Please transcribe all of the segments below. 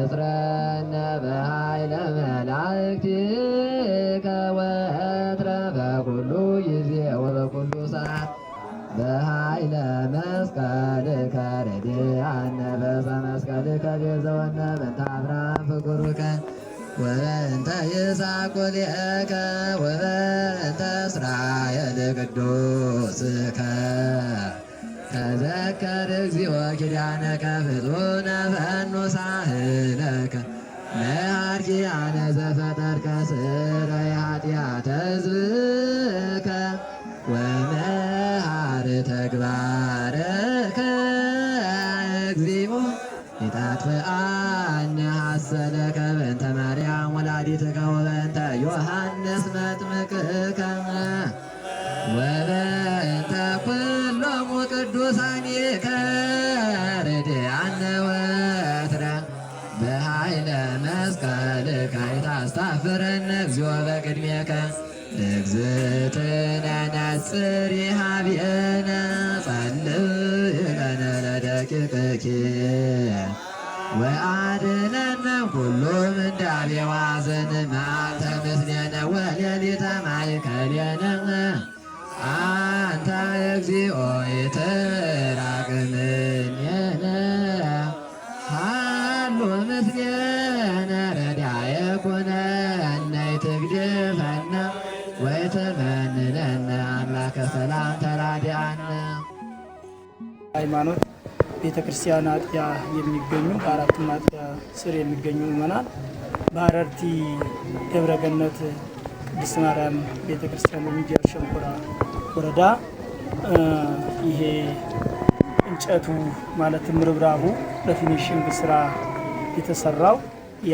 ፍጥረነ በኃይለ መላእክቲከ ወትረ በኩሉ ጊዜ ወበኩሉ ሰዓት በኃይለ መስቀልከ ረድአነ በእፀ ቤዛወነ በእንተ አብርሃም ፍቁርከ ወበእንተ ይስሐቅ ወልየከ ወበእንተ እስራኤል ቅዱስከ ተዘከር እግዚኦ ኪዳነከ ፍጹመ አርኪያነ ዘፈጠርከ ስረ ኃጢአተ ሕዝብከ ወመሃር ተግባርከ እግዚኦ ይታትፈአነ ሐሰነከ በእንተ ማርያም ወላዲትከ ወበእንተ ዮሐንስ መጥምቅከ ወበእንተ ኩሎሙ ቅዱሳኒከ አስታፍረን እግዚኦ በቅድሜከ ለእግዝእትነ ናጽር ሀቢእነ ጸልይ ለነ ለደቂቅኪ ወአድኅነነ ኩሉ ምንዳቤ ኀዘን መዓልተ ምስሌነ ወሌሊተ መዓልከሌነ አንተ እግዚኦ ይድፈነ ወይትመንለነ አምላከ ሰላም ተራዲአነ። ሃይማኖት ቤተ ክርስቲያን አጥቢያ የሚገኙ በአራቱም አጥቢያ ስር የሚገኙ ምእመናን በሀረርቲ ደብረ ቅድስት ማርያም ቤተ ክርስቲያን በሚዲያር ሸንኮራ ወረዳ ይሄ እንጨቱ ማለትም ርብራቡ ለፊኒሽንግ ስራ የተሰራው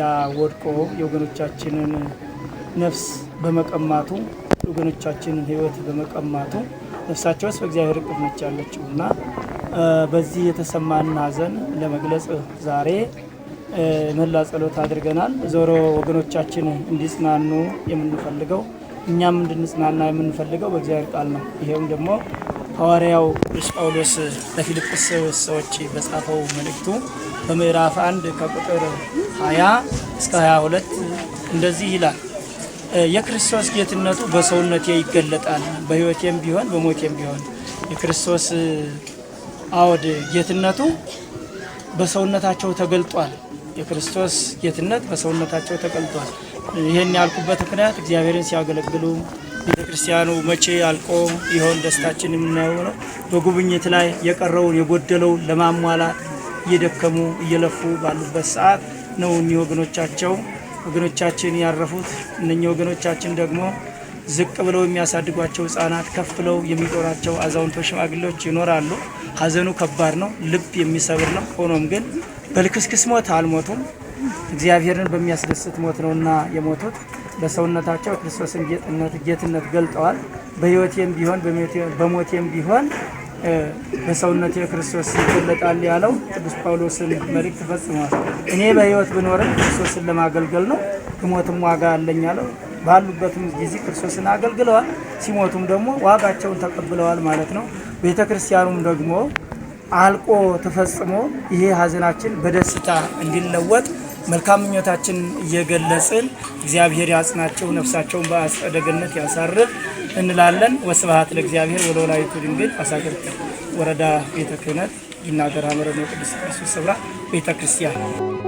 ያ ወድቆ የወገኖቻችንን ነፍስ በመቀማቱ ወገኖቻችንን ህይወት በመቀማቱ ነፍሳቸውስ በእግዚአብሔር እቅፍ ነች ያለችው እና በዚህ የተሰማን ሀዘን ለመግለጽ ዛሬ መላ ጸሎት አድርገናል። ዞሮ ወገኖቻችን እንዲጽናኑ የምንፈልገው እኛም እንድንጽናና የምንፈልገው በእግዚአብሔር ቃል ነው። ይሄውም ደግሞ ሐዋርያው ቅዱስ ጳውሎስ ለፊልጵስ ሰዎች በጻፈው መልእክቱ በምዕራፍ አንድ ከቁጥር 20 እስከ 22 እንደዚህ ይላል የክርስቶስ ጌትነቱ በሰውነቴ ይገለጣል። በህይወቴም ቢሆን በሞቴም ቢሆን የክርስቶስ አወድ ጌትነቱ በሰውነታቸው ተገልጧል። የክርስቶስ ጌትነት በሰውነታቸው ተገልጧል። ይህን ያልኩበት ምክንያት እግዚአብሔርን ሲያገለግሉ ቤተ ክርስቲያኑ መቼ አልቆ ይሆን ደስታችን የምናየው ነው። በጉብኝት ላይ የቀረውን የጎደለውን ለማሟላት እየደከሙ እየለፉ ባሉበት ሰዓት ነው እኒህ ወገኖቻቸው ወገኖቻችን ያረፉት። እነኚህ ወገኖቻችን ደግሞ ዝቅ ብለው የሚያሳድጓቸው ህጻናት፣ ከፍ ብለው የሚጦራቸው አዛውንቶች፣ ሽማግሌዎች ይኖራሉ። ሀዘኑ ከባድ ነው፣ ልብ የሚሰብር ነው። ሆኖም ግን በልክስክስ ሞት አልሞቱም። እግዚአብሔርን በሚያስደስት ሞት ነውና የሞቱት በሰውነታቸው ክርስቶስን ጌትነት ገልጠዋል። በህይወቴም ቢሆን በሞቴም ቢሆን በሰውነቴ የክርስቶስ ይገለጣል ያለው ቅዱስ ጳውሎስን መልእክት ፈጽሟል። እኔ በህይወት ብኖርም ክርስቶስን ለማገልገል ነው፣ ብሞትም ዋጋ አለኝ ያለው ባሉበትም ጊዜ ክርስቶስን አገልግለዋል፣ ሲሞቱም ደግሞ ዋጋቸውን ተቀብለዋል ማለት ነው። ቤተ ክርስቲያኑም ደግሞ አልቆ ተፈጽሞ ይሄ ሀዘናችን በደስታ እንዲለወጥ መልካም ምኞታችን እየገለጽን እግዚአብሔር ያጽናቸው፣ ነፍሳቸውን በአጸደ ገነት ያሳርፍ እንላለን። ወስብሐት ለእግዚአብሔር ወለወላዲቱ ድንግል አሳግርት ወረዳ ቤተ ክህነት ይናገር አምረ ቅዱስ ቅዱስ ስብራ ቤተ ክርስቲያን